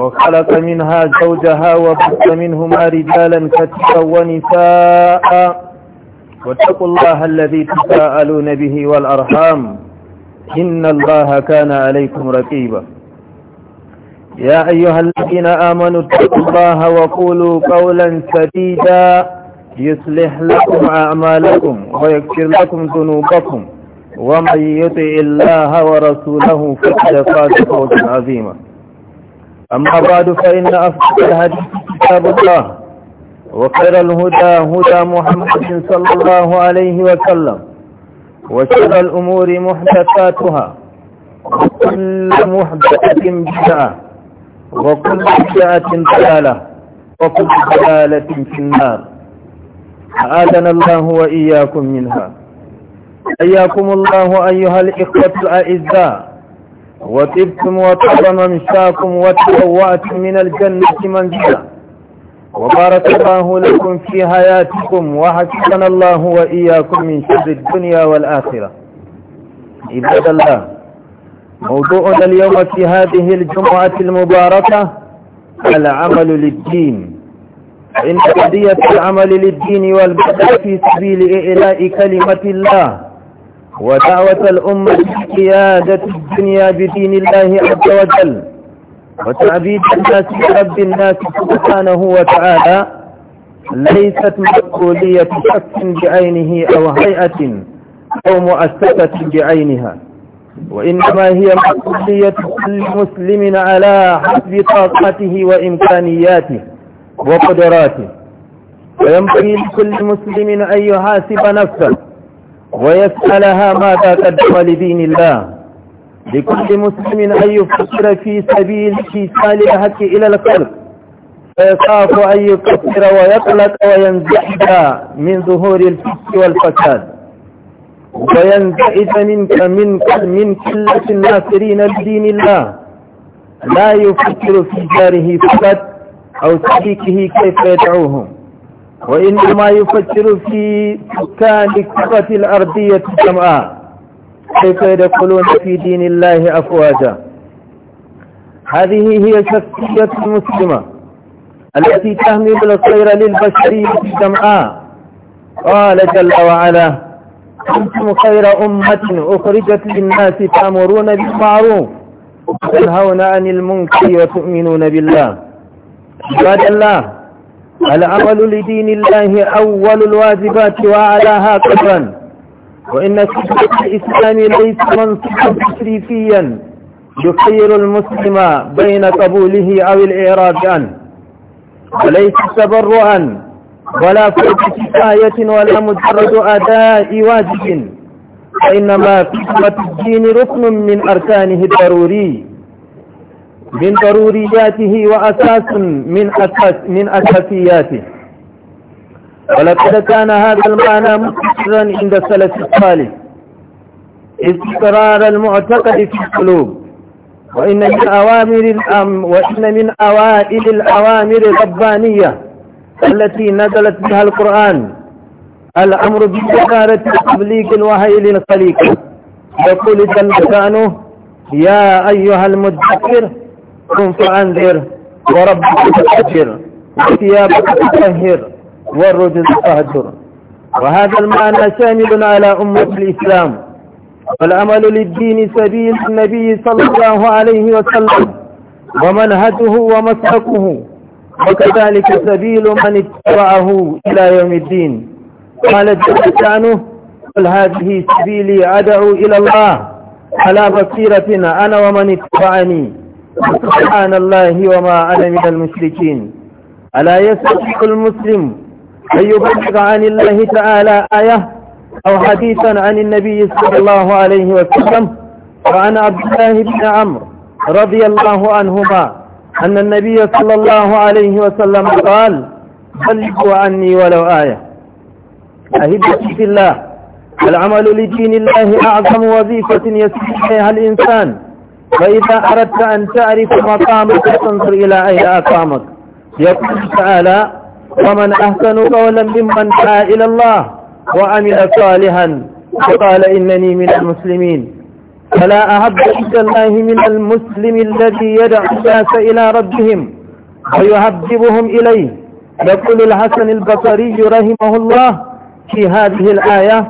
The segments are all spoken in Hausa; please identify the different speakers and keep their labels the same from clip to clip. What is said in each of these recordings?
Speaker 1: وخلق منها زوجها وبث منهما رجالا كثيرا ونساء واتقوا الله الذي تساءلون به والأرحام إن الله كان عليكم رقيبا يا أيها الذين آمنوا اتقوا الله وقولوا قولا سديدا يصلح لكم أعمالكم ويكفر لكم ذنوبكم ومن يطع الله ورسوله فقد فاز فوزا عظيما أما بعد فإن أفضل الحديث كتاب الله وخير الهدى هدى محمد صلى الله عليه وسلم وشر الأمور محدثاتها وكل محدثة بدعة وكل بدعة ضلالة وكل ضلالة في النار أعاذنا الله وإياكم منها إياكم الله أيها الإخوة الأعزاء وطبتم وطاب ممشاكم وتبوأت من الجنة منزلا وبارك الله لكم في حياتكم وحسن الله وإياكم من شر الدنيا والآخرة عباد الله موضوعنا اليوم في هذه الجمعة المباركة العمل للدين إن قضية العمل للدين والبدء في سبيل إعلاء كلمة الله ودعوة الأمة لقيادة الدنيا بدين الله عز وجل وتعبيد الناس برب الناس سبحانه وتعالى ليست مسؤولية شخص بعينه أو هيئة أو مؤسسة بعينها وإنما هي مسؤولية كل مسلم على حسب طاقته وإمكانياته وقدراته وينبغي لكل مسلم أن يحاسب نفسه ويسألها ماذا قدم لدين الله لكل مسلم أن يفكر في سبيل في صالحة إلى الخلق فيخاف أن يكفر ويطلق وينزعج من ظهور الفسق والفساد وينزعج منك من من قلة الناصرين لدين الله لا يفكر في جاره فقط أو صديقه كيف يدعوهم وإنما يفكر في سكان الكرة الأرضية جمعاء كيف يدخلون في دين الله أفواجا هذه هي شخصية المسلمة التي تهمل الخير للبشرية جمعاء قال جل وعلا أنتم خير أمة أخرجت للناس تأمرون بالمعروف وتنهون عن المنكر وتؤمنون بالله عباد الله العمل لدين الله أول الواجبات وأعلاها قدرا وإن صفة الإسلام ليس منصبا تشريفيا يخير المسلم بين قبوله أو الإعراض عنه وليس تبرعا ولا فرد كفاية ولا مجرد أداء واجب وإنما فكرة الدين ركن من أركانه الضروري من ضرورياته وأساس من أساس من أساسياته ولقد كان هذا المعنى مستقرا عند السلف الصالح استقرار المعتقد في القلوب وإن من أوامر الأم وإن من أوائل الأوامر الربانية التي نزلت بها القرآن الأمر بإدارة تبليغ الوحي للخليقة يقول جل يا أيها المدكر قم فأنذر وربك فأجر وثيابك تطهر والرجل فاهجر وهذا المعنى شامل على أمة الإسلام فالعمل للدين سبيل النبي صلى الله عليه وسلم ومنهجه ومسلكه وكذلك سبيل من اتبعه إلى يوم الدين قال جل شانه قل هذه سبيلي أدعو إلى الله على بصيرة أنا ومن اتبعني سبحان الله وما أنا من المشركين ألا يستحق المسلم
Speaker 2: أن يبلغ
Speaker 1: عن الله تعالى آية أو حديثا عن النبي صلى الله عليه وسلم وعن عبد الله بن عمرو رضي الله عنهما أن النبي صلى الله عليه وسلم قال بلغوا عني ولو آية أهبتي في الله العمل لدين الله أعظم وظيفة يسير إليها الإنسان فإذا أردت أن تعرف مقامك فانظر إلى أين أقامك يقول تعالى ومن أحسن قولا ممن دعا إلى الله وعمل صالحا وقال إنني من المسلمين فلا أحب عند الله من المسلم الذي يدعو الناس إلى ربهم ويهذبهم إليه يقول الحسن البصري رحمه الله في هذه الآية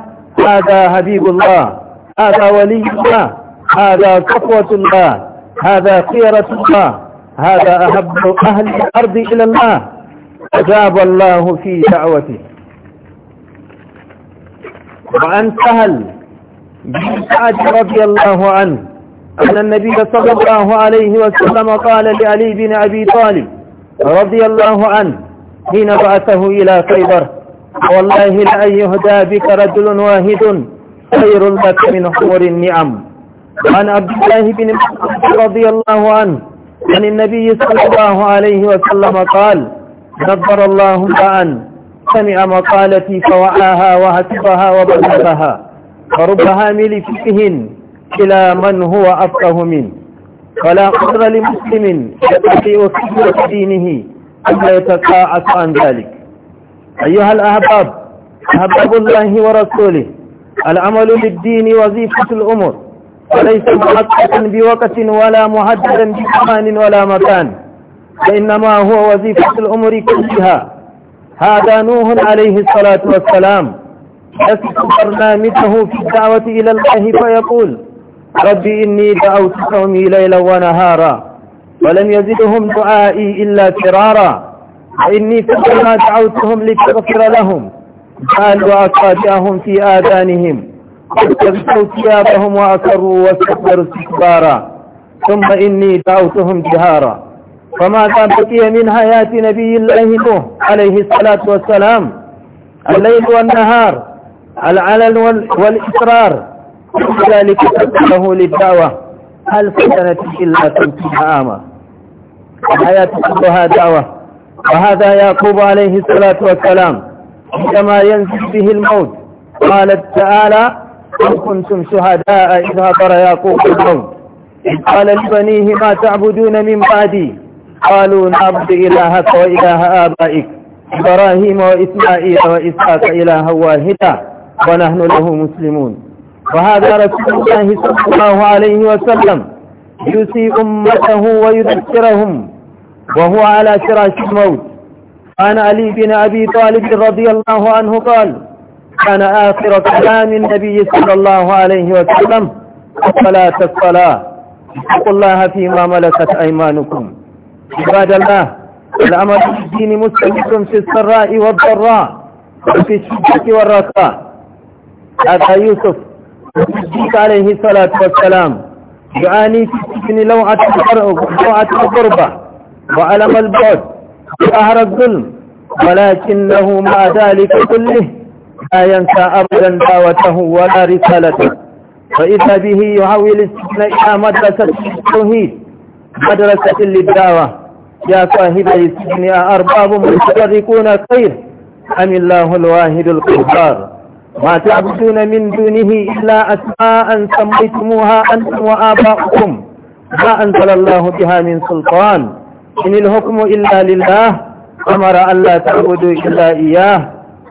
Speaker 1: هذا حبيب الله هذا ولي الله هذا صفوة الله هذا خيرة الله هذا أحب أهل الأرض إلى الله أجاب الله في دعوته وأن سهل بن سعد رضي الله عنه أن النبي صلى الله عليه وسلم قال لعلي بن أبي طالب رضي الله عنه حين بعثه إلى خيبر والله لأن يهدى بك رجل واحد خير لك من حمر النعم وعن عبد الله بن مسعود رضي الله عنه عن النبي صلى الله عليه وسلم قال نظر الله عن سمع مقالتي فوعاها وهتفها وبلغها فرب هامل فقه إلى من هو أفقه منه فلا قدر لمسلم يتقي صدرة دينه أن يتقاعس عن ذلك أيها الأحباب أحباب الله ورسوله العمل للدين وظيفة الأمور وليس محققا بوقت ولا مهددا بزمان ولا مكان فإنما هو وظيفة الأمور كلها هذا نوح عليه الصلاة والسلام يسف برنامجه في الدعوة إلى الله فيقول ربي إني دعوت قومي ليلا ونهارا ولم يزدهم دعائي إلا فرارا وإني فكما دعوتهم لتغفر لهم قالوا وأصابعهم في آذانهم فاستفتوا ثيابهم وأسروا واستكبروا استكبارا ثم إني دعوتهم جهارا فماذا بقي من حياة نبي الله نوح عليه الصلاة والسلام الليل والنهار العلن والإصرار ذلك تقبله للدعوة هل فتنت إلا تمسيها آمى الحياة كلها دعوة وهذا يعقوب عليه الصلاة والسلام عندما ينزل به الموت قال تعالى أم كنتم شهداء إذ هبر ياقوت الموت قال لبنيه ما تعبدون من بعدي قالوا نعبد إلهك وإله آبائك إبراهيم وإسماعيل وإسحاق إلها واحدا ونحن له مسلمون وهذا رسول الله صلى الله عليه وسلم يسي أمته ويذكرهم وهو على فراش الموت عن علي بن أبي طالب رضي الله عنه قال كان آخر كلام النبي صلى الله عليه وسلم الصلاة الصلاة اتقوا الله فيما ملكت أيمانكم عباد الله العمل الدين مستمر في السراء والضراء وفي الشدة والرخاء هذا يوسف الصديق عليه الصلاة والسلام يعاني في السجن لوعة لوعة الغربة وعلم البعد وأهر الظلم ولكنه مع ذلك كله لا ينسى أبدا دعوته ولا رسالته فإذا به يحول السجن إلى مدرسة التوحيد مدرسة للدعوة يا صاحب السجن أرباب متفرقون خير أم الله الواحد القهار ما تعبدون من دونه إلا أسماء سميتموها أنتم وآباؤكم ما أنزل الله بها من سلطان إن الحكم إلا لله أمر أن لا تعبدوا إلا إياه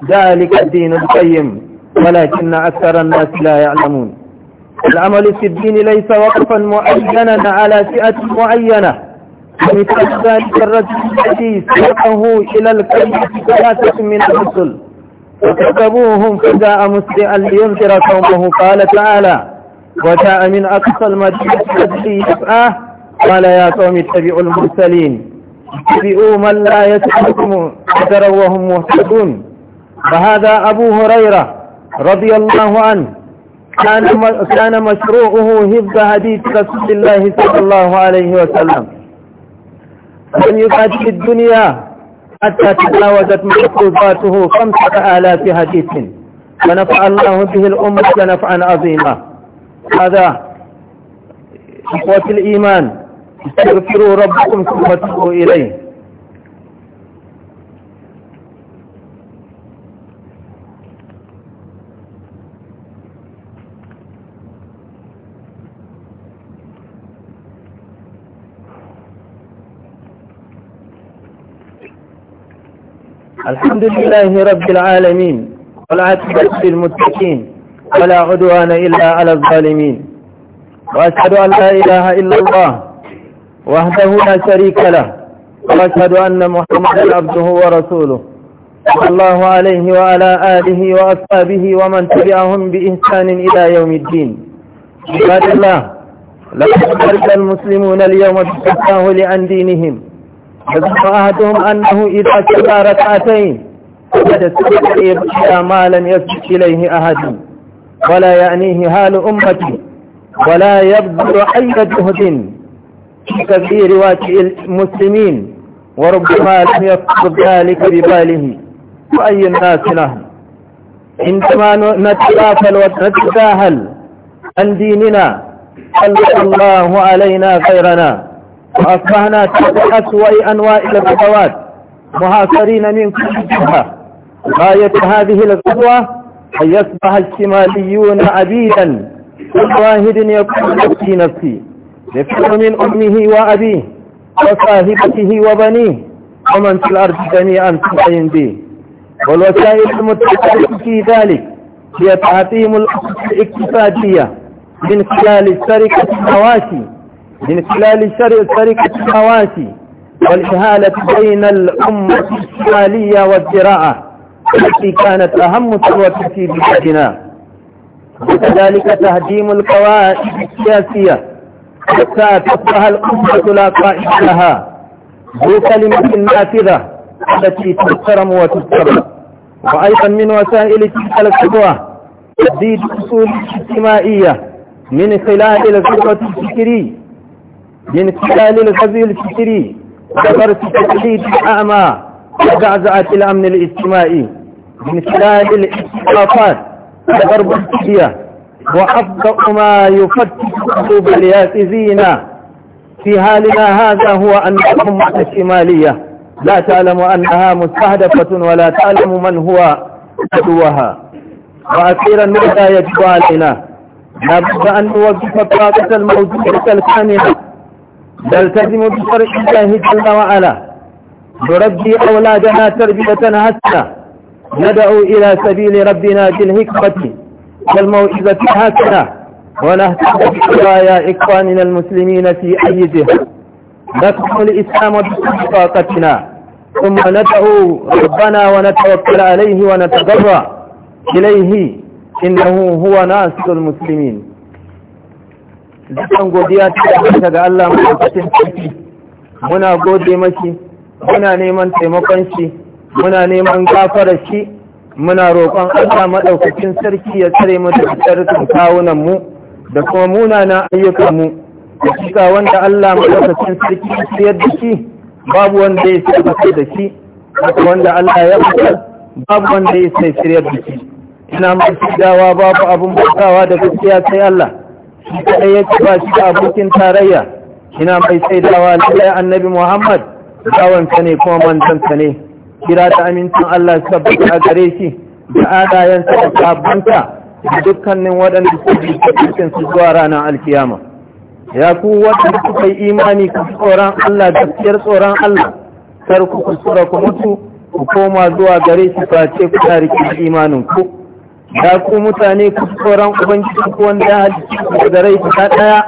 Speaker 1: ذلك الدين القيم ولكن أكثر الناس لا يعلمون العمل في الدين ليس وقفا معينا على فئة معينة مثل ذلك الرجل الذي سبقه إلى الكلمة ثلاثة من الرسل وكتبوهم فجاء مسرعا لينذر قومه قال تعالى وجاء من أقصى المدينة الذي يسعاه قال يا قوم اتبعوا المرسلين اتبعوا من لا يسعكم أجرا وهم مهتدون فهذا أبو هريرة رضي الله عنه كان كان مشروعه حفظ حديث رسول الله صلى الله عليه وسلم لم في الدنيا حتى تجاوزت مكتوباته خمسة آلاف حديث فنفع الله به الأمة نفعا عظيما هذا إخوة الإيمان استغفروا ربكم ثم تبوا إليه الحمد لله رب العالمين والعاقبة للمتقين ولا عدوان إلا على الظالمين وأشهد أن لا إله إلا الله وحده لا شريك له وأشهد أن محمدا عبده ورسوله صلى الله عليه وعلى آله وأصحابه ومن تبعهم بإحسان إلى يوم الدين عباد الله لقد خرج المسلمون اليوم بالتساهل عن دينهم
Speaker 2: وزعم أحدهم أنه
Speaker 1: إذا كبر ركعتين فقد سبق إلى ما لم يسجد إليه أحد ولا يعنيه حال أمتي ولا يبذل أي جهد في تغيير واجه المسلمين وربما لم يفقد ذلك بباله وأي الناس له عندما نتغافل ونتساهل عن ديننا خلق الله علينا غيرنا وأصبحنا تحت أسوأ أنواع الغزوات محاصرين من كل جهة غاية هذه الغزوة أن يصبح الشماليون عبيدا كل واحد يقول في نفسي يفر من أمه وأبيه وصاحبته وبنيه ومن في الأرض جميعا سبعين به والوسائل المتحدة في ذلك هي تعظيم الأسس الاقتصادية من خلال الشركة المواشي من خلال سرقة الحواسي والإهالة بين الأمة الشمالية والزراعة التي كانت أهم ثروة في بلادنا وكذلك تهديم القواعد السياسية حتى تصبح الأمة لا قائد لها ذو كلمة نافذة التي تحترم وتتبع وأيضا من وسائل تلك القدوة تزيد الأصول الاجتماعية من خلال الفكرة الفكرية من خلال الغزو الفكري وفرس تحديد الأعمى وزعزعة الأمن الاجتماعي من خلال الاختلافات وضرب السورية وأبدأ ما يفتش قلوب الياسزين في حالنا هذا هو أن الأمة الشمالية لا تعلم أنها مستهدفة ولا تعلم من هو عدوها وأخيرا ماذا يجب علينا لابد أن نوقف الطاقة الموجودة الكاملة نلتزم بشرع الله جل وعلا نربي أولادنا تربية حسنة ندعو إلى سبيل ربنا بالحكمة والموعظة الحسنة ونهتم بقضايا إخواننا المسلمين في أي جهة نكتم الإسلام بطاقتنا ثم ندعو ربنا ونتوكل عليه ونتضرع إليه إنه هو ناصر المسلمين dukkan godiya ta tabbata ga Allah maɗaukacin sarki muna gode mashi muna neman taimakon shi muna neman gafara shi muna roƙon Allah maɗaukacin sarki ya tsare mu da tsarkin kawunan mu da kuma munana ayyukan mu cika wanda Allah madaukakin sarki ya tsayar da shi babu wanda ya sai da shi wanda Allah ya fita babu wanda ya sai shiryar da shi ina mai dawa babu abin bautawa da gaskiya sai Allah shi kaɗai ya ba shi da abokin tarayya ina mai dawa lallai annabi muhammad bawansa ne kuma manzansa ne
Speaker 2: kira ta amincin
Speaker 1: allah sabbata a gare shi da adayensa da sabbanta da dukkanin waɗanda su bi cikin su zuwa ranar alkiyama ya ku waɗanda suka yi imani ku tsoron allah gaskiyar tsoron allah kar ku kusura ku mutu ku koma zuwa gare shi face ku tariki imanin ku da ku mutane ku ubangiji ku wanda ya halitta da rai ta daya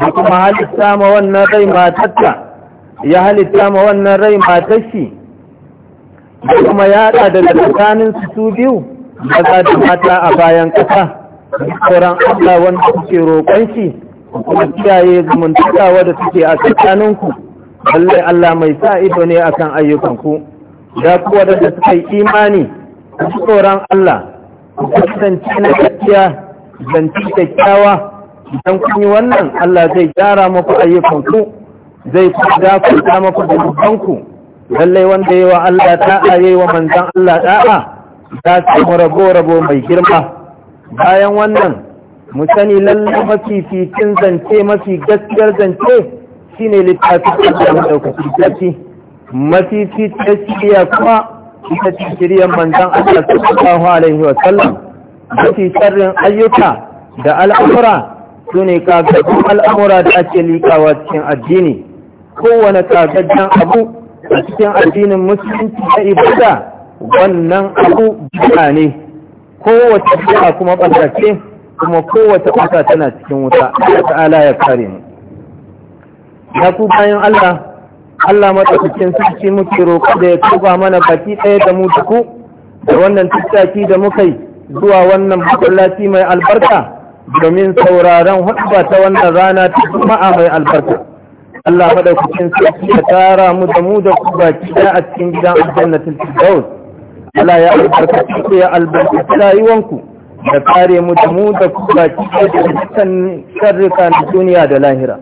Speaker 1: da kuma halitta ma wannan rai matarta ya halitta ma wannan rai ma da kuma yada da tsakanin su su biyu maza da mata a bayan kasa tsoron Allah wanda kuke roƙon shi kuma kiyaye zamantakewa da suke a tsakaninku lallai Allah mai sa ido ne akan ku da ku da suka yi imani tsoron Allah kasance na gaskiya zance kyakkyawa idan kun yi wannan Allah zai gyara maku ayyukanku zai gafarta maku da dubbanku lallai wanda yi wa Allah ta'a yi wa manzan Allah ta'a za samu rabo-rabo mai girma bayan wannan mu sani lallai mafi fitin zance mafi gaskiyar zance shine littafin da ya ɗaukaki mafi fitin gaskiya kuma ita ce shiryan manzan Allah sallallahu alaihi wa sallam mafi sharrin ayyuka da al'amura su ne kagaggun al'amura da ake liƙawa cikin addini kowane kagaggen abu a cikin addinin musulunci da ibada wannan abu bida ne kowace bida kuma ɓasace kuma kowace ɓasa tana cikin wuta Allah ta'ala ya kare mu ya ku bayan Allah Allah madaukakin sarki muke roƙo da ya tuba mana baki ɗaya da mu duku da wannan tattaki da muka yi zuwa wannan masallaci mai albarka domin sauraron hudba ta wannan rana ta juma'a mai albarka Allah madaukakin sarki ya tara mu da mu da ku baki ɗaya a cikin gidan aljannatul firdaus Allah ya albarkaci ku ya albarkaci rayuwanku da kare mu da mu da ku baki ɗaya da dukkan sharrika na duniya da lahira.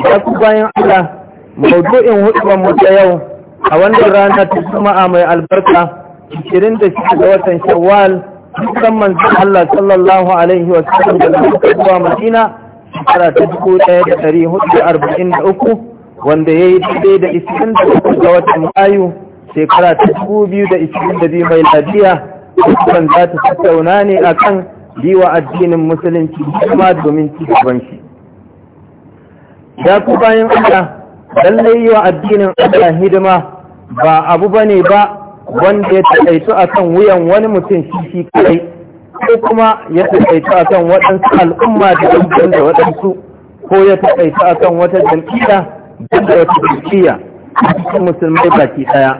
Speaker 1: Ya ku bayan Allah maudu'in hudubar mutu yau a wannan rana ta juma'a mai albarka 26 ga watan shawwal musamman zan Allah sallallahu alaihi wa sallam da lafuka zuwa madina shekara ta 1443 wanda ya yi daidai da 23 ga watan mayu shekara ta 2022 mai lafiya kusan za ta tattauna ne akan diwa biwa addinin musulunci kuma domin ci gaban shi ya ku bayan Allah lallai yi wa addinin Allah hidima ba abu ba ne ba wanda ya taƙaitu a kan wuyan wani mutum shi shi kai ko kuma ya taƙaitu a kan waɗansu al'umma da ɗan da waɗansu ko ya taƙaitu a kan wata jam'iyya da wata jam'iyya a cikin musulmai baki ɗaya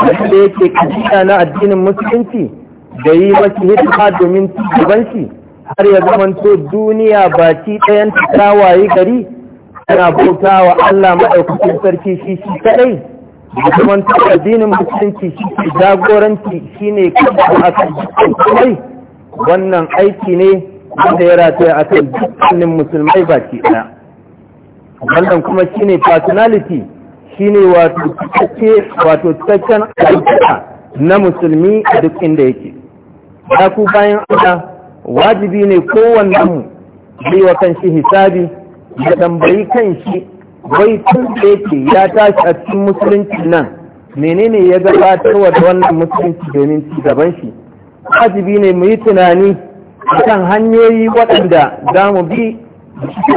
Speaker 1: wanda yake kashina na addinin musulunci da yi mashi hidima domin ci har ya zamanto duniya baki ɗayan ta gari
Speaker 2: ana bauta
Speaker 1: wa Allah maɗaukacin sarki shi shi kaɗai kuma ta addinin musulunci shi shi jagoranci shi ne kuma a kan musulmai wannan aiki ne wanda ya rataya a kan dukkanin musulmai ba baki ɗaya wannan kuma shi ne personality shi ne wato cikakken aikata na musulmi a duk inda yake ya ku bayan Allah wajibi ne kowannen mu zai wa kan shi hisabi ya tambayi kan shi wai tun da yake ya tashi a cikin musulunci nan menene ya gabatarwa da wannan musulunci domin ci gaban shi wajibi ne mu yi tunani kan hanyoyi waɗanda za mu bi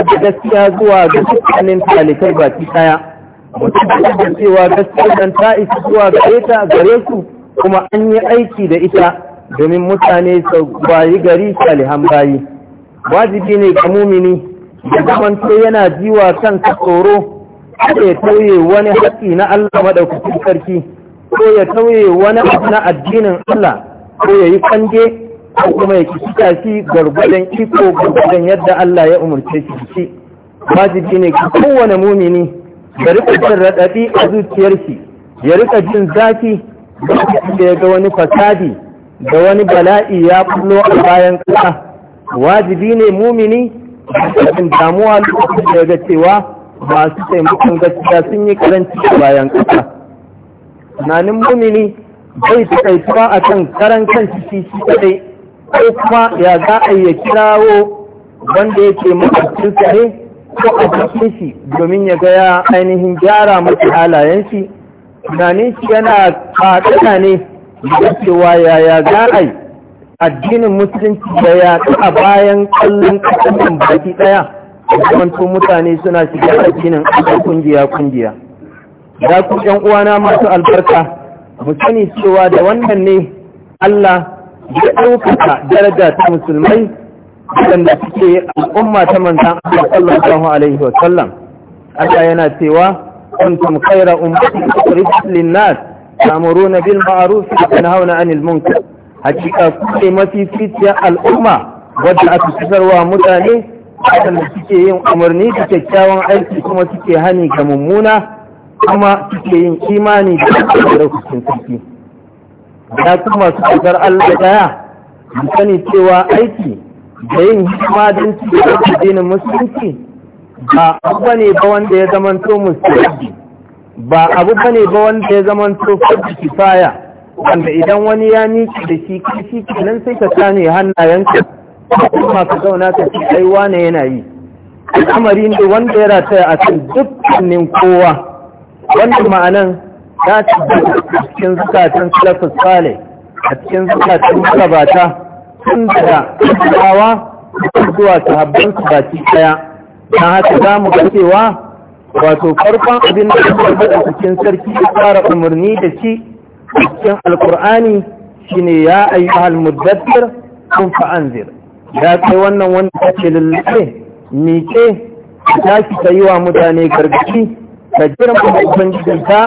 Speaker 1: da gaskiya zuwa ga dukkanin talikai baki ɗaya mutum da cewa gaskiya nan ta isa zuwa ga ita gare su kuma an yi aiki da ita domin mutane su bayi gari salihan bayi wajibi ne ga mumini ya zamanto yana jiwa kanka tsoro ya tauye wani haƙi na Allah maɗaukacin sarki ko ya tauye wani haƙi na addinin Allah ko ya yi kwange ko kuma ya kisa shi gwargwadon iko gwargwadon yadda Allah ya umarce shi shi wajibi ne ga kowane mumini ya rika jin raɗaɗi a zuciyar shi ya rika jin zafi da ya ga wani fasadi da wani bala'i ya kullo a bayan ƙasa wajibi ne mumini cikin damuwa lokacin da ya ga cewa masu taimakon gaskiya sun yi karanci bayan ƙasa tunanin mumini bai takaituwa a kan karan kan shi shi kadai ko kuma ya za a iya kirawo wanda ya yake mafarkin ne
Speaker 2: ko a cikin
Speaker 1: shi domin ya gaya ainihin gyara mafi halayen shi tunanin shi yana faɗaɗa ne da cewa yaya za a yi addinin musulunci da ya a bayan kallon kasan baki daya zamanto mutane suna shiga addinin Allah kungiya kungiya da ku ɗan uwana masu albarka mu sani cewa da wannan ne Allah ya dauka daraja ta musulmai wanda suke al'umma ta manzan Allah sallallahu alaihi wa sallam Allah yana cewa kuntum khayra ummatin ukhrijat lin-nas ta'muruna bil ma'ruf wa tanhauna 'anil munkar hakika su ne mafi fitiyar al'umma wadda aka fitarwa mutane waɗanda suke yin umarni da kyakkyawan aiki kuma suke hani ga mummuna kuma suke yin imani da ɗaukacin sarki ya kuma su fitar allah daya mu sani cewa aiki da yin hikima don cikin addinin musulunci ba abu bane ba wanda ya zamanto musulunci ba abu bane ba wanda ya zamanto fadda kifaya wanda idan wani ya miƙe da shi kashi kenan sai ka kane hannayenka kuma ka zauna ka ci ai wane yana yi al'amari ne wanda ya rataya a kan dukkanin kowa wannan ma'anan ya ci a cikin zukatan salafus sale a cikin zukatan kabata tun daga kasawa zuwa sahabban su baki daya na haka za mu ga cewa wato farkon abin da ya cikin sarki ya fara umarni da shi cikin alkur'ani shine ya ayyuka muddathir kun fa'anzir ya kai wannan wanda kake lallabe miƙe ta ki ta yi wa mutane gargaɗi ka girma ubangijinka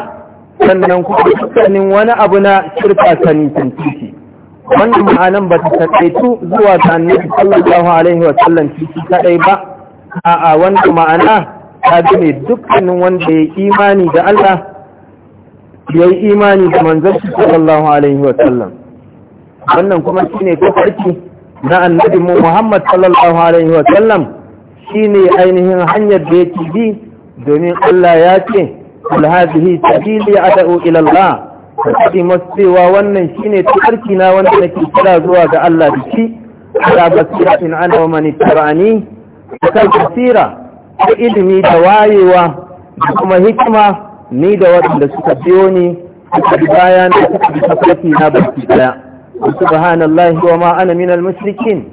Speaker 1: sannan kuma dukkanin wani abu na shirka sani tantiki wannan ma'anan ba ta zuwa ga annabi sallallahu alaihi wa sallam ciki kadai ba a'a wannan ma'ana ta ne dukkanin wanda ya imani da Allah ya yi imani da manzon sallallahu alaihi wa sallam wannan kuma shine tafarki na annabi Muhammad sallallahu alaihi wa sallam shine ainihin hanyar da yake bi domin Allah ya ce kul hadhihi sabili ad'u ila Allah sai masewa wannan shine tafarki na wanda nake kira zuwa ga Allah da shi ala basiratin ana wa man ittaba'ani kan basira da ilimi da wayewa da kuma hikima ni da waɗanda suka biyo ni suka bi baya na suka bi tafarki na baki daya subhanallahi wa ma ana min al-mushrikin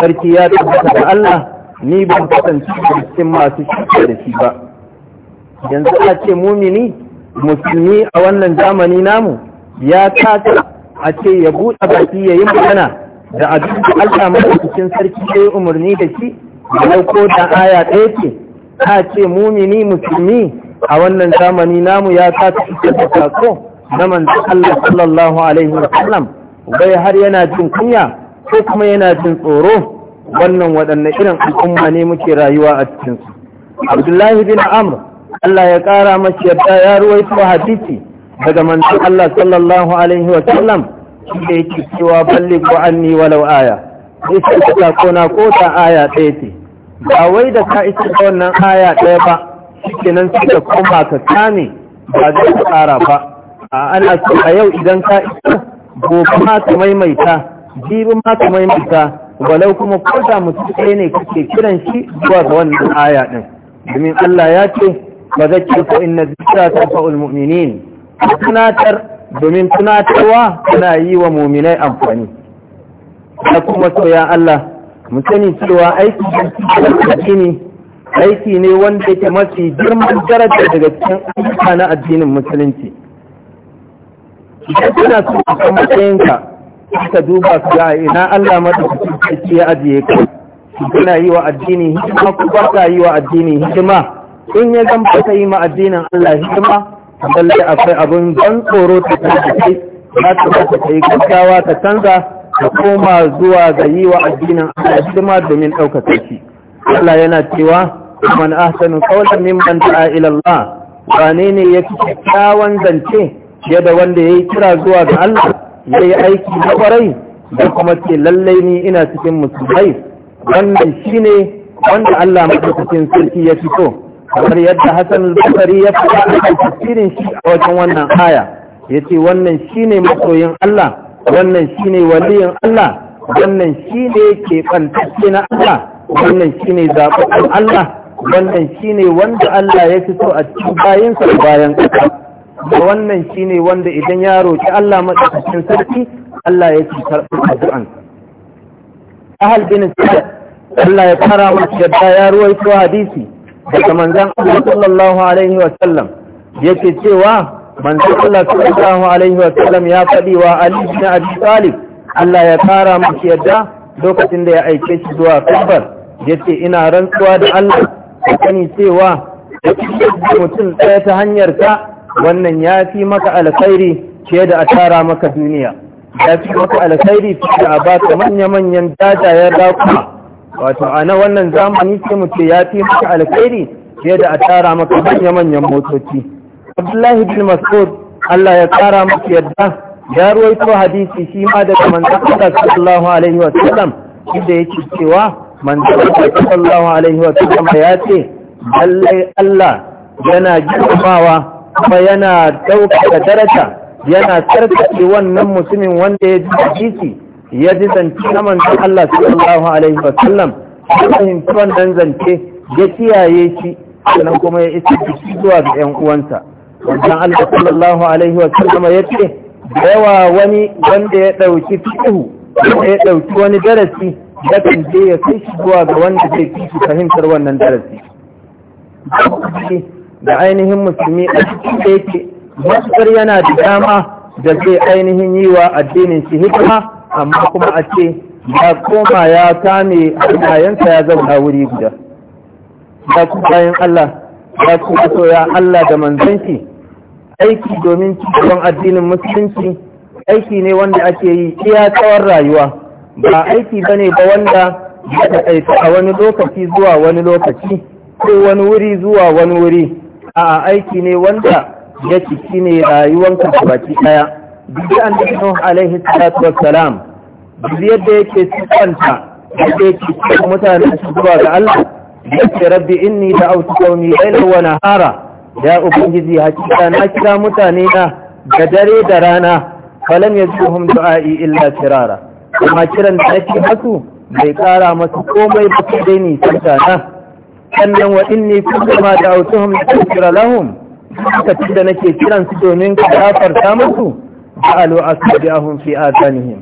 Speaker 1: sarki ya tabbata da Allah ni ba kasance da cikin masu shirka da shi ba yanzu a ce mumini musulmi a wannan zamani namu ya taka a ce ya buɗe baki ya yi magana da abin da Allah madaukakin sarki ya yi umarni da shi da ko da aya ɗaya ce ta ce mumini musulmi a wannan zamani namu ya kata cikin da sako na manzo Allah sallallahu alaihi wasallam bai har yana jin kunya ko kuma yana jin tsoro wannan waɗanne irin al'umma ne muke rayuwa a cikinsu abdullahi bin amr Allah ya ƙara mashi yadda ya ruwaito hadisi daga manzo Allah sallallahu alaihi wasallam da yake cewa balli ko anni walau aya isa ta kona ko ta aya ɗaya ce ba wai da ka isa wannan aya ɗaya ba kenan sai ka koma ka kame ba zai ka tsara ba a ana so a yau idan ka isa gobe ma ka maimaita jibi ma ka maimaita walau kuma koda mutum ɗaya ne kake kiran shi zuwa ga wannan aya ɗin domin Allah ya ce ba zai ce ko inna zikra ta fa'ul mu'minin tunatar domin tunatarwa tana yi wa muminai amfani ta kuma so ya Allah mu sani cewa aiki da ne aiki ne wanda yake mafi girman daraja daga cikin ayyuka na addinin musulunci idan kana so ka san matsayinka ka duba ka ga ina Allah madaukakin sarki ya ajiye ka kana yi wa addini hidima ko ba ka yi wa addini hidima in ya zan ba ka yi ma addinin Allah hidima lallai akwai abin ban tsoro ta kai za ta ba ta yi gaggawa ta canza ka koma zuwa ga yi wa addinin Allah hidima domin ɗaukaka shi. Allah yana cewa man ahsanu qawlan mimman da'a ila Allah wane ne ya fi kyakkyawan zance da wanda ya yi kira zuwa ga Allah yayi yi aiki na kwarai da kuma ce lallai ni ina cikin musulmai wannan shi ne wanda Allah madaukakin sarki ya fito. kamar yadda Hassan al-Basri ya faɗa a tafsirin shi a wajen wannan aya yace wannan shine masoyin Allah wannan shine waliyin Allah wannan shine ke fantacce na Allah wannan shine zaɓaɓɓen Allah wannan shine wanda Allah ya fito so a cikin bayansa da bayan ƙasa da wannan shine wanda idan ya roƙi Allah matsakaicin sarki Allah ya fi karɓar addu'an ahal bin sa'ad Allah ya fara masa yadda ya ruwaito hadisi daga manzon Allah sallallahu alaihi wa sallam yake cewa manzon Allah sallallahu alaihi wa sallam ya faɗi wa Ali bin Abi Talib Allah ya fara masa yadda lokacin da ya aike shi zuwa Khaybar yace ina rantsuwa da Allah ka sani cewa da mutum ɗaya ta hanyar ka wannan ya fi maka alkhairi fiye da a tara maka duniya ya fi maka alkhairi fiye da a baka manya-manyan jajayen rakuma wato a na wannan zamani ce mu ce ya fi maka alkhairi fiye da a tara maka manya-manyan motoci abdullahi bin mas'ud Allah ya tara maka yadda ya ruwaito hadisi shi ma daga manzan Allah sallallahu alaihi wa sallam inda yake cewa manzon sallallahu alaihi wa sallam ya ce lallai Allah yana girmamawa kuma yana ɗaukaka daraja yana sarkace wannan musulmin wanda ya ji hadisi ya ji zance na manzon Allah sallallahu alaihi wa sallam ya fahimci wannan zance ya kiyaye shi sannan kuma ya isa jiki zuwa ga ƴan uwansa wannan Allah sallallahu alaihi wa sallam ya ce da yawa wani wanda ya ɗauki fiqhu ya ɗauki wani darasi yakan je ya kai shi zuwa ga wanda zai fi shi fahimtar wannan darasi da ainihin musulmi a cikin da yake matuƙar yana da dama da zai ainihin yi wa addinin shi hikima amma kuma a ce ya koma ya kame hannayensa ya zauna wuri guda ya ku bayan Allah ya ku ya Allah da manzanci aiki domin cikin addinin musulunci aiki ne wanda ake yi iya tsawon rayuwa ba aiki ne ba wanda ya taƙaita a wani lokaci zuwa wani lokaci ko wani wuri zuwa wani wuri a aiki ne wanda ya ciki ne rayuwar da ɗaya bibi an da nuh alaihi salatu yadda yake sifanta yadda ke cikin mutane zuwa ga Allah yake rabbi inni da'awtu qawmi laylan wa nahara ya ubangiji hakika na kira mutane na da dare da rana falam yazuhum du'a'i illa firara amma kiran da ake masu bai kara masu komai ba su dai nisan na sannan waɗin ne kuma zama da hamdu da kira lahum ci da nake kiran su domin ka gafarta musu ja'alu ahun fi adanihim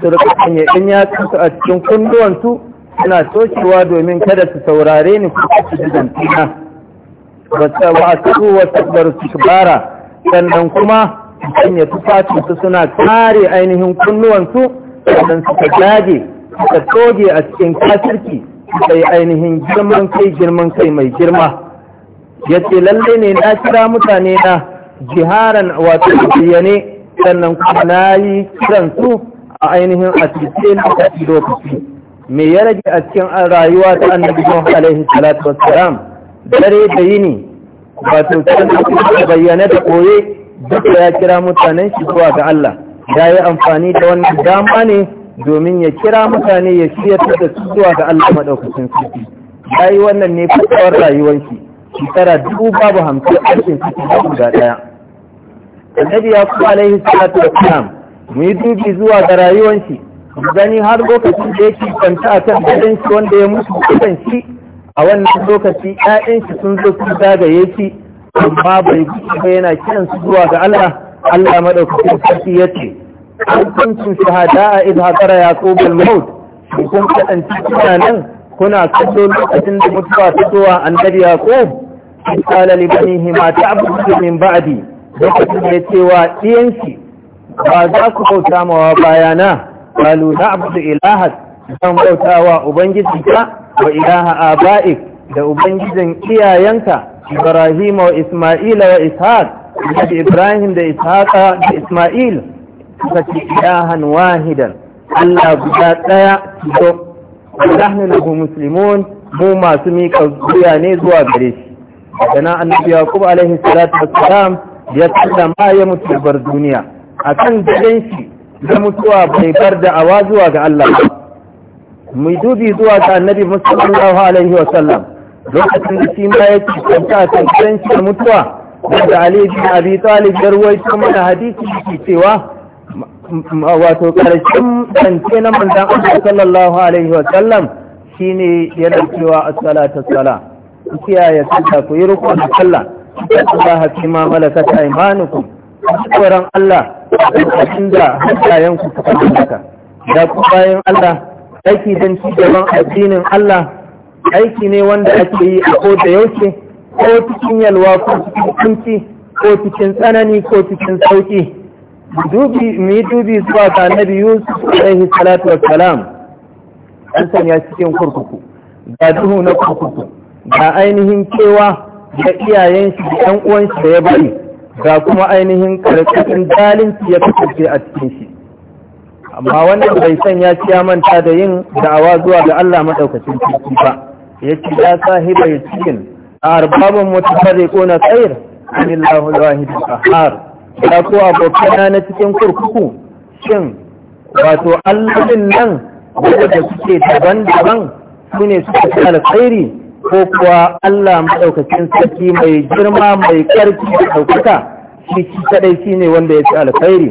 Speaker 1: su rika sanya in ya kansu a cikin kunduwansu suna tokewa domin kada su saurare ni ko su ji zantina wa asabu bar su sannan kuma sanya tufafinsu suna kare ainihin kunnuwansu sannan suka gaje suka toge a cikin kasirki suka yi ainihin girman kai girman kai mai girma ya ce lallai ne na kira mutane na jiharan wato bayyane sannan kuma na yi su a ainihin a cikin lokaci lokaci me ya rage a cikin rayuwa ta annabi Muhammad alaihi salatu salam dare da yini wato sannan kuma bayyane da koye duka ya kira mutanen shi zuwa ga Allah ya yi amfani da wannan dama ne domin ya kira mutane ya shirya da su zuwa ga Allah maɗaukacin sarki ya yi wannan ne fitowar rayuwarki shekara dubu babu hamsin a cikin da guda ɗaya annabi ya kuma alaihi salatu salam mu yi dubi zuwa ga rayuwarki gani har lokacin da yake kwanta a kan gidan shi wanda ya mutu kusan shi a wannan lokaci 'ya'yan shi sun zo su zagaye shi amma bai ba yana kiran su zuwa ga Allah Allah madaukakin sarki yace an shahada a idh hadara yaqub al-maut kun kasance kuna nan kuna kallo lokacin da mutuwa ta zo annabi yaqub qala li banihi ma ta'budu min ba'di lokacin da cewa diyanki ba za ku bauta mawa bayana qalu na'budu ilahak zan bautawa ubangijinka wa ilaha aba'ik da ubangijin iyayenka Ibrahim wa Isma'ila wa Ishaq da ibrahim da ishaqa da isma'il suka ce ilahan wahidan allah guda ɗaya tilo nahnu lahu muslimun mu masu miƙa zuya ne zuwa gare shi dana annabi yaqub alaihi salatu wassalam ya tsada ma ya mutu bar duniya akan gidan shi da mutuwa bai bar da awa zuwa ga Allah mu dubi zuwa ga annabi lokacin da shi ma yake kwanta a kan mutuwa wanda Ali bin Abi Talib ya ruwaito mana hadisi ke cewa wato karshen zance na manzan Allah sallallahu alaihi wa sallam shine yana cewa as ta as-sala ya sallah ku yi rukun sallah Allah hakima imanuku aymanukum tsoron Allah lokacin da hankayen ku suka halaka da ku bayan Allah aiki don ci gaban addinin Allah aiki ne wanda ake yi a koda yaushe ko cikin yalwa ko cikin kunci ko cikin tsanani ko cikin sauki dubi mu dubi zuwa ga nabi Yusuf alaihi salatu salam. an sanya cikin kurkuku ga duhu na kurkuku ga ainihin kewa da iyayen shi da ɗan uwan shi da ya bari ga kuma ainihin karkashin dalinci ya kasance a cikin shi amma wannan bai san shi ya manta da yin da'awa zuwa ga Allah madaukakin sarki ba yace ya sahiba ya cikin arbabun mutafarriquna khair anillahu alwahid alqahhar
Speaker 2: da ko abokana
Speaker 1: na cikin kurkuku shin wato allahin nan wanda suke daban-daban su ne suka fi alkhairi ko kuwa allah maɗaukacin sarki mai girma mai ƙarfi da ɗaukaka shi shi kaɗai shine wanda ya fi alkhairi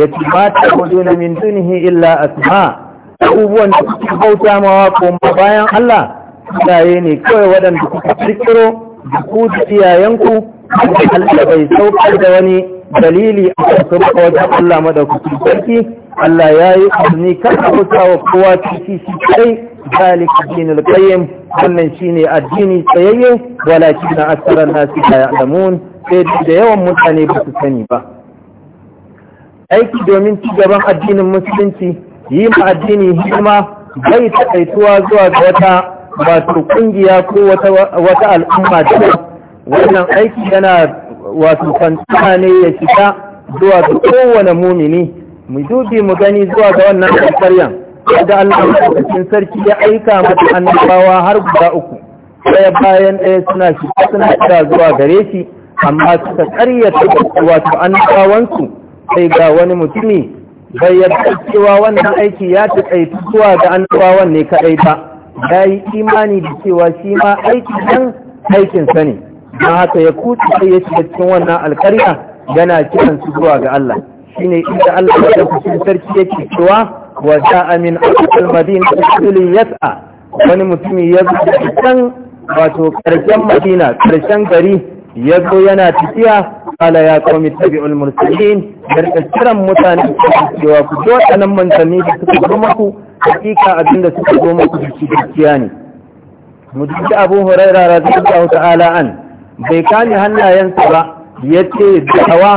Speaker 1: ya ci mata hudu min dunihi illa asma abubuwan da suke bauta mawa ko bayan allah sunaye ne kawai waɗanda kuka kirkiro da ku da iyayenku Allah bai saukar da wani dalili a kan su wajen Allah madaukakin sarki Allah ya yi umarni kan a wa kowa ciki shi kai zalika dinul qayyim wannan shine addini tsayayye walakin asaran nasi la ya'lamun sai da yawan mutane ba su sani ba aiki domin ci gaban addinin musulunci yi ma addini hidima bai taƙaituwa zuwa ga wata wato kungiya ko wata al'umma yi wannan aiki yana wato kwantana ne ya shiga zuwa ga kowane mumini mu dubi mu gani zuwa ga wannan karyan da Allah cikin sarki ya aika mata annabawa har guda uku sai bayan ɗaya suna shiga suna shiga zuwa gare shi amma suka karyata wato annabawansu sai ga wani mutumi bai yarda cewa wannan aiki ya taƙaitu zuwa ga annabawan ne kaɗai ba ya yi imani da cewa shi ma aiki nan aikinsa ne don haka ya kuce sai ya shiga cikin wannan alkarya yana kiran su zuwa ga Allah Shi ne inda Allah ya kusa sarki yake cewa wa ja'a min aqsal madina rasulun yas'a wani mutumi ya zo can wato karshen madina karshen gari ya zo yana tafiya ala ya qaumi tabi'ul mursalin dar kiran mutane cewa ku zo nan manzanni da suka zama ku hakika abinda suka zo muku jiki gaskiya ne mu dubi abu huraira radiyallahu ta'ala an bai kame hannayensa ba yace dawa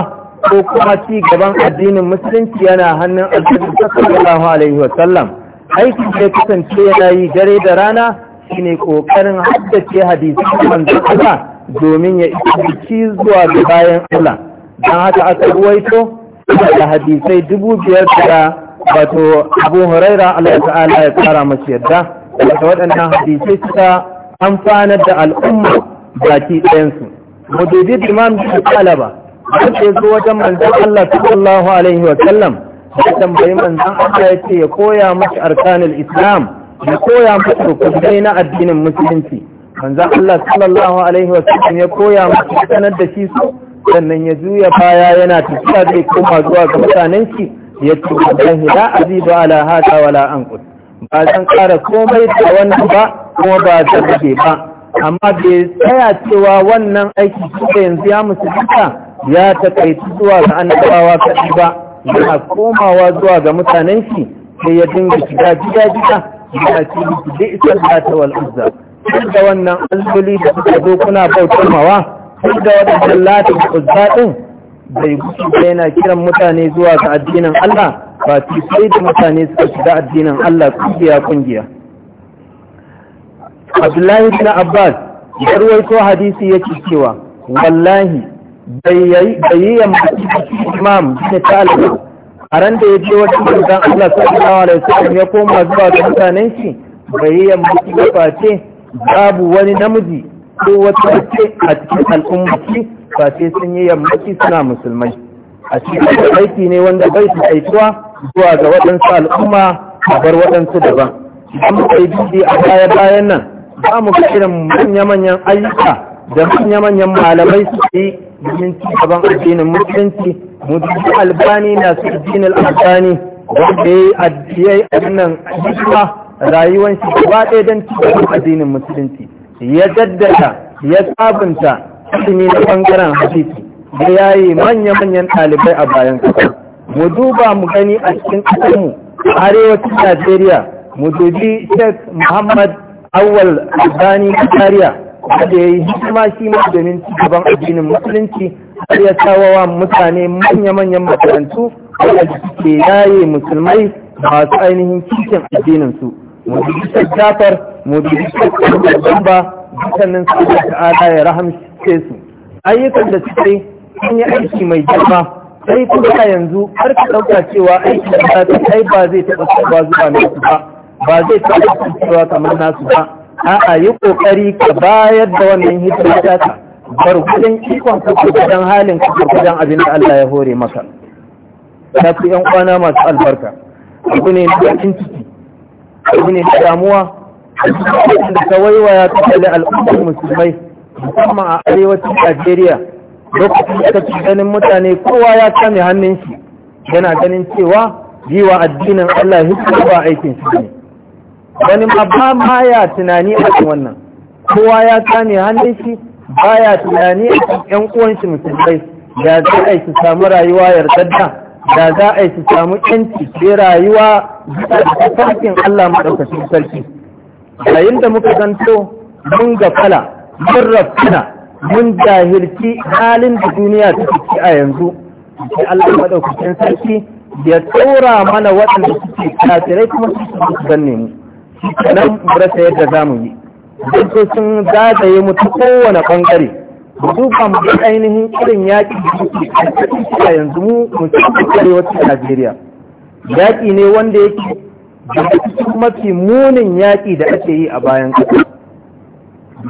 Speaker 1: ko kuma ci gaban addinin musulunci yana hannun annabi sallallahu alaihi wa sallam aikin da kasance yana yi dare da rana shine kokarin haddace hadisi da kuma domin ya ci zuwa ga bayan Allah Dan haka aka ruwaito da hadisai dubu biyar da wato abu huraira Allah ya ta'ala ya tsara masu yadda wato waɗannan hadisai suka amfanar da al'umma baki ɗayansu mudubi imam bin talaba wanda ya zo wajen manzon Allah sallallahu alaihi wa sallam ya tambayi manzon Allah ya ce ya koya mashi arkanul islam ya koya mashi rukunai na addinin musulunci manzon Allah sallallahu alaihi wa sallam ya koya mashi sanar da shi su sannan ya juya baya yana tafiya zai koma zuwa ga mutanen shi ya ce wallahi la azidu ala hada wala anqus ba zan ƙara komai da wannan ba kuma ba zan rage ba amma bai tsaya cewa wannan aiki da yanzu ya musu musulunta ya takaitu zuwa ga annabawa kaɗi ba yana komawa zuwa ga mutanen shi sai ya dinga shiga gida gida yana cikin da isa da ta wal'uzza duk da wannan alkali da suka zo kuna bautar mawa duk da wadannan latin uzza ɗin bai gusu ba yana kiran mutane zuwa ga addinin Allah ba su sai da mutane suka shiga addinin Allah kungiya kungiya Abdullahi bin Abbas ya ruwaito hadisi yake cewa wallahi bai yi yammaci imam bin Talib a ran da ya je wata manzan Allah sallallahu alaihi wasallam ya koma zuwa ga mutanen shi bai yi yammaci ba face babu wani namiji ko wata mace a cikin al'ummaci face sun yi yammaci suna musulmai a cikin aiki ne wanda bai su aikuwa zuwa ga waɗansu al'umma a bar waɗansu daban idan muka yi dubi a baya bayan nan za mu ga irin manya-manyan ayyuka da manya-manyan malamai su yi domin ci gaban addinin musulunci mutum albani na su addinin albani wanda ya yi addiyai wannan hikima rayuwar shi gaba ɗaya don ci gaban addinin musulunci ya jaddada ya sabunta ilimi na bangaren hadisi da ya yi manya-manyan ɗalibai a bayan ƙasa mu duba mu gani a cikin ƙasarmu arewacin najeriya mu dubi sheikh muhammad awal albani kariya wanda ya yi hikima shi ma domin gaban addinin musulunci har ya wa mutane manya-manyan makarantu da suke yaye musulmai masu ainihin cikin addininsu mu dubi Sheikh jafar mu dubi shek ba dukkanin su Allah ta'ala ya rahamce su ayyukan da suke sun yi aiki mai girma sai kuma yanzu har ka ɗauka cewa aiki da ta kai ba zai taɓa ba zuwa nasu ba ba zai taɓa cewa kamar nasu ba a'a yi ƙoƙari ka bayar da wannan hidima ta ka gwargwadon ikon ka gudan halin ka gwargwadon abin da Allah ya hore maka ta yan kwana masu albarka abu ne na ciki abu ne na damuwa da ta waiwaya ta kalli al'ummar musulmai musamman a arewacin najeriya lokacin da ta ganin mutane kowa ya kame hannun shi yana ganin cewa yi addinin allah hikima ba aikin shi ne wani ma ba ma ya tunani a cikin wannan kowa ya kame hannun shi ba ya tunani a cikin yan uwan shi musulmai da za a yi su samu rayuwa yardadda da za a yi su samu yanci ke rayuwa da sarkin allah maɗaukacin sarki yayin da muka zanto mun gafala mun rafina mun jahilci halin da duniya ta ciki a yanzu sai Allah madaukakin sarki ya tsora mana waɗanda suke kafirai kuma su su ganne mu nan mu rasa yadda zamu yi duk sun zagaye mu ta kowane bangare duba mu ainihin irin yaƙi da suke a yanzu mu mu cikin wata Najeriya yaƙi ne wanda yake cikin mafi munin yaƙi da ake yi a bayan ƙasa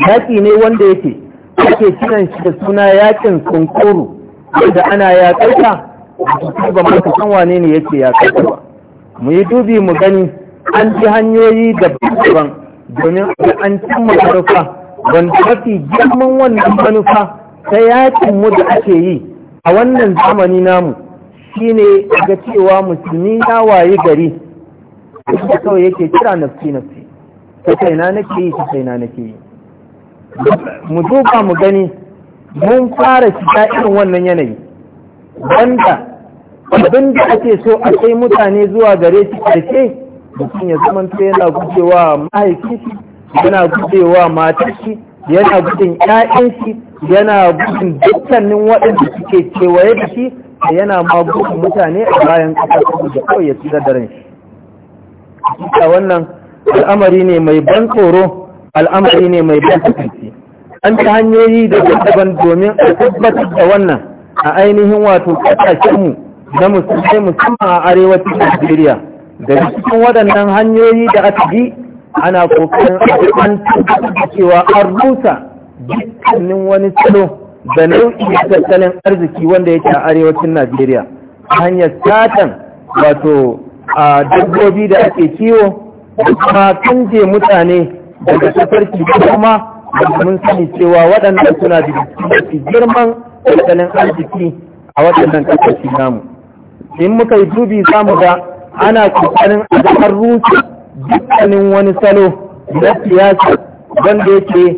Speaker 1: yaƙi ne wanda yake ake kiran shi da suna yaƙin sunkuru wanda ana ya ta a ba masu san wane ne yake ya ta ba mu yi dubi mu gani an ji hanyoyi daban-daban domin an cimma manufa wanda mafi girman wannan manufa ta yaƙin mu da ake yi a wannan zamani namu shine ga cewa musulmi ya wayi gari ita kawai yake kira nafsi nafsi ta sai na nake yi ta sai na nake yi mu duba mu gani mun fara shiga irin wannan yanayi wanda abin da ake so a kai mutane zuwa gare shi karshe mutum ya zama yana gujewa mahaifinsa, yana gujewa matarshi yana gudun shi yana gudun dukkanin waɗanda suke kewaye da shi yana ma gudun mutane a bayan ƙasa saboda kawai ya ci da daren shi a wannan al'amari ne mai ban tsoro al'amari ne mai ban tsakanci an ta hanyoyi da daban domin a tabbatar da wannan a ainihin wato kasashenmu na musulmai musamman a arewacin najeriya Da cikin waɗannan hanyoyi da aka bi ana kokarin an tabbatar da cewa an rusa dukkanin wani salo
Speaker 2: da nau'in tattalin
Speaker 1: arziki wanda yake a arewacin najeriya hanyar satan wato a dabbobi da ake kiwo da kuma je mutane daga tafarki kuma da mun sani cewa waɗannan suna da cikin girman tattalin arziki a waɗannan ƙasashe namu in muka yi dubi za mu ga ana kokarin a zamar rushe dukkanin wani salo na siyasa wanda yake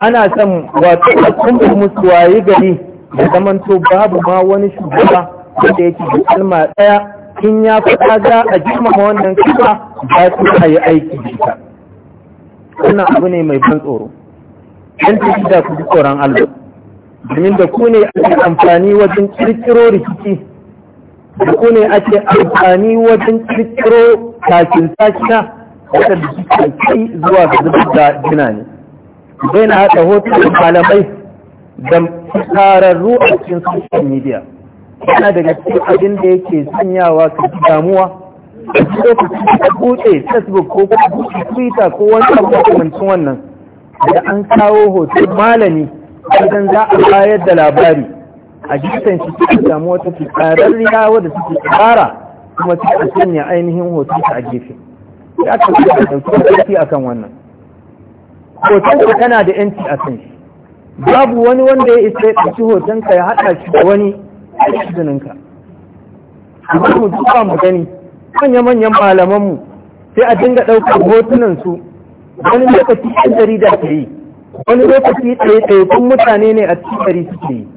Speaker 1: ana san wato a kumbin musu waye gari da zamanto babu ma wani shugaba wanda yake da kalma ɗaya in ya faɗa za a jimawa wannan kifa za su a yi aiki da ita wannan abu ne mai ban tsoro yan tafi da ku tsoron allah domin da ku ne ake amfani wajen kirkiro rikici da ku ne ake amfani wajen kirkiro takin takina waɗanda suke kai zuwa ga zubar da jina ne bai na haɗa hotunan malamai da tsararru a cikin social media yana daga cikin abin da yake sanyawa ka damuwa lokacin da buɗe facebook ko kuma buɗe twitter ko wani abu makamancin wannan da an kawo hoton malami idan za a bayar da labari a gisan shi ta samu wata fitsararriya da suke tsara kuma ta a sanya ainihin hoton ta a gefe ya ka kuma da ɗauki yanci a kan wannan hoton ka tana da yanci a kan shi babu wani wanda ya isa ya ɗauki hoton ka ya haɗa shi da wani a izininka
Speaker 2: amma mu duba
Speaker 1: mu gani manya-manyan malamanmu sai a dinga ɗaukar hotunan su wani lokaci ɗan jarida ta yi wani lokaci ɗaya kun mutane ne a cikin ɗari suke yi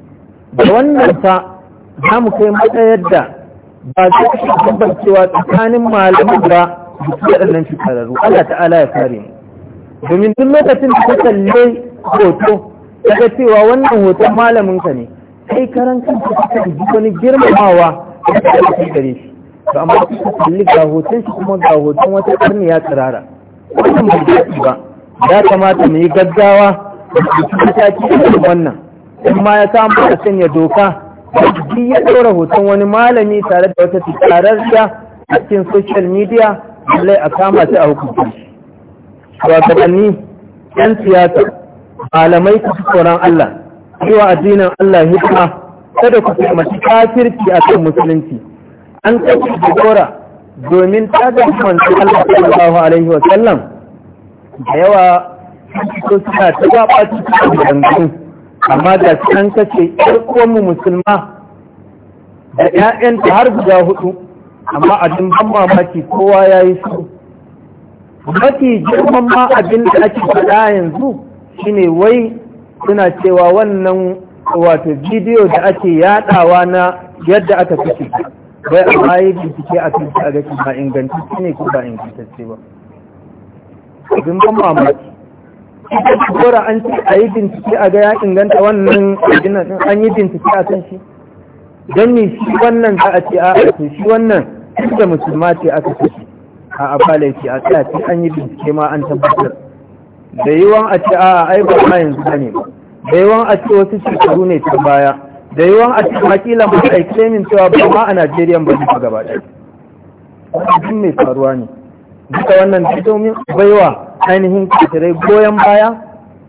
Speaker 1: da wannan sa, za mu kai matsayar da ba zai kashe tabbacewa tsakanin malaman ba da su waɗannan Allah ta'ala ya kare mu domin duk lokacin da ka kalle hoto daga cewa wannan hoton malamin ka ne kai karan kanka kuka da wani girmamawa da ta kai gare shi to amma kuka kalli ga hoton shi kuma ga hoton wata karni ya tsirara wannan bai daɗi ba ya kamata mu yi gaggawa da su mataki irin wannan in ma ya samu a sanya doka ji ya ɗora hoton wani malami tare da wata tsararriya a cikin social media lallai a kama ta a hukunci shi shugabanni yan siyasa malamai su tsoron Allah zuwa addinin Allah hidima kada ku mace kafirci a kan musulunci an kashe gora domin ta ga manzo Allah sallallahu alaihi wa sallam da yawa ko suka ta gaba cikin amma da an kashe ƴar mu musulma da ta har guda hudu amma abin ban mamaki kowa yayi yi su mafi girman ma abin da ake faɗa yanzu shine wai suna cewa wannan wato bidiyo da ake yadawa na yadda aka kashe bai a bayi bincike a kan a gashi ba ingantacce ne ko ba ingantacce ba abin ban mamaki ita kora an ce a yi bincike a ga ya inganta wannan abin din an yi bincike a kan shi don ni shi wannan za a ce a ake shi wannan da musulma ce aka kashe a abalai ce a tsaya an yi bincike ma an tabbatar da yiwon a ce a ai ba ma yanzu ne da yiwon a ce wasu shekaru ne ta baya da yiwon a ce makila ba a claimin cewa ba ma a najeriya ba ne gaba ɗaya jin mai faruwa ne duka wannan da domin baiwa ainihin kafirai goyon baya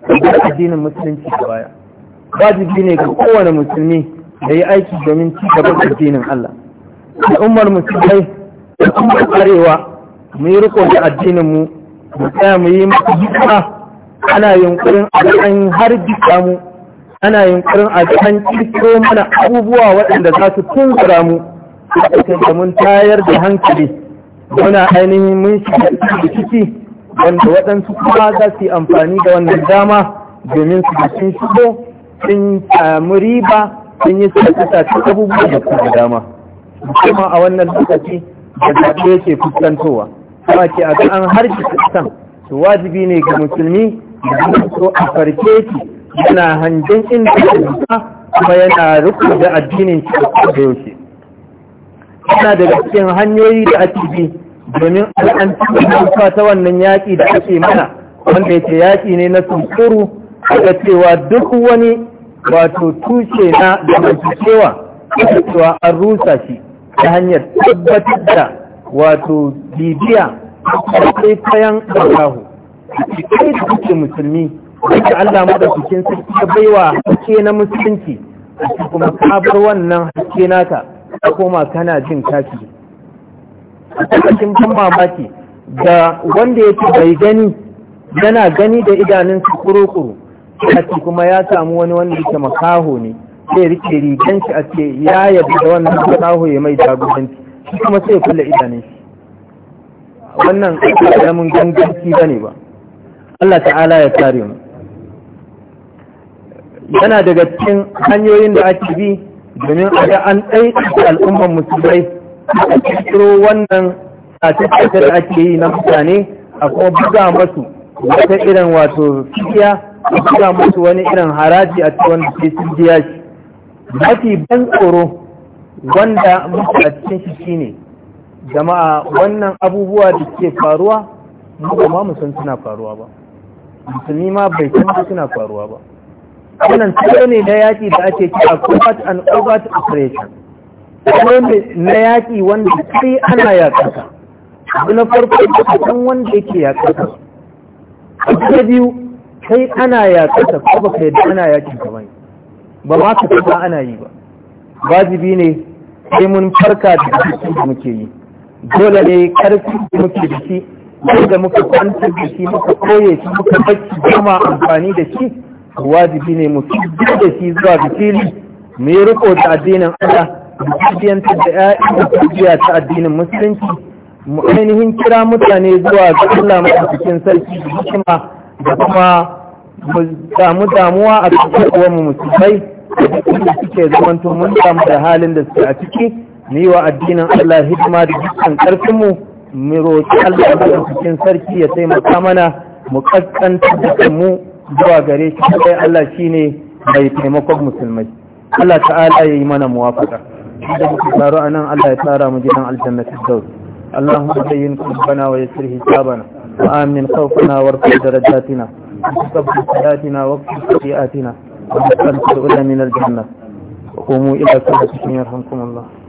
Speaker 1: da addinin musulunci da baya wajibi ne ga kowane musulmi da yi aiki domin ci da addinin Allah al'ummar musulmai da kuma arewa mu yi riko da addinin mu mu tsaya mu yi masa hikima ana yunkurin a an hargitsa mu ana yunkurin a an kirkiro mana abubuwa waɗanda za su tunzura mu da mun tayar da hankali muna ainihin mun shiga ciki wanda waɗansu kuma za su yi amfani da wannan dama domin su sun shigo sun samu riba sun yi sace-sace abubuwa da kuma dama kuma a wannan lokaci da zaɓe yake fuskantowa kuma ke a ga an wajibi ne ga musulmi so a farke ki yana hangen inda ya kuma yana rukun da addinin cikin da yake yana daga cikin hanyoyi da ake bi domin an taɓa ta wannan yaƙi da ake mana wanda ya yaƙi ne na sunkuru daga cewa duk wani wato tushe na zamantakewa da cewa an rusa shi ta hanyar tabbatar da wato bibiya da kai kayan da kai da kuke musulmi wanda Allah cikin sarki ya baiwa hake na musulunci kuma sabar wannan hake naka ta koma kana jin kafi a cikin ban mamaki da wanda ya ce bai gani yana gani da idanunsu kuro-kuro kaci kuma ya samu wani wanda yake makaho ne sai rike rigan shi a ce ya yabi da wannan makaho ya mai jagoranci shi kuma sai kula idanun shi wannan ƙarfi da mun ganganci ba ne ba Allah ta'ala ya tare mu yana daga cikin hanyoyin da ake bi domin a ga an ɗaiɗaita al'umman musulmai a kirkiro wannan sace da ake yi na mutane a kuma buga masu wata irin wato fiya a buga masu wani irin haraji a cikin wanda ke sun biya shi mafi ban tsoro wanda muka a cikin shi shine jama'a wannan abubuwa da ke faruwa mu ba mu san suna faruwa ba musulmi ma bai san suna faruwa ba
Speaker 2: wannan tsaye ne na
Speaker 1: yaƙi da ake kira combat and overt operation tsaye ne na yaƙi wanda sai ana yaƙasa abu na farko da san wanda yake yaƙasa abu na biyu sai ana yaƙasa ko ba ka yadda ana yaƙin ka bane ba ma ka taɓa ana yi ba wajibi ne sai mun farka da muke yi dole ne karfi muke da shi mai da muka kwantar da shi muka koye shi muka bacci kuma amfani da shi wajibi ne mu ci da shi zuwa ga fili mu yi riko da addinin Allah mu ta da ƴaƴan da tarbiya ta addinin musulunci mu ainihin kira mutane zuwa ga Allah cikin sarki da hikima da kuma mu damu damuwa a cikin uwan mu musulmai da suke zamanto mun samu da halin da suke a ciki mu yi wa addinin Allah hidima da dukkan karfin mu mu roƙi Allah cikin sarki ya taimaka mana mu kaskanta da mu zuwa gare shi sai Allah shine mai taimakon musulmai Allah ta'ala ya yi mana muwafaka da muka tsaro a nan Allah ya tsara mu gidan aljannatin daus Allahumma zayyin kubbana wa yassir hisabana wa amin khawfana warfa darajatina وكفر صلاتنا واكفر سيئاتنا ونسألك الغلا من الجنة وقوموا إلى صلاتكم يرحمكم الله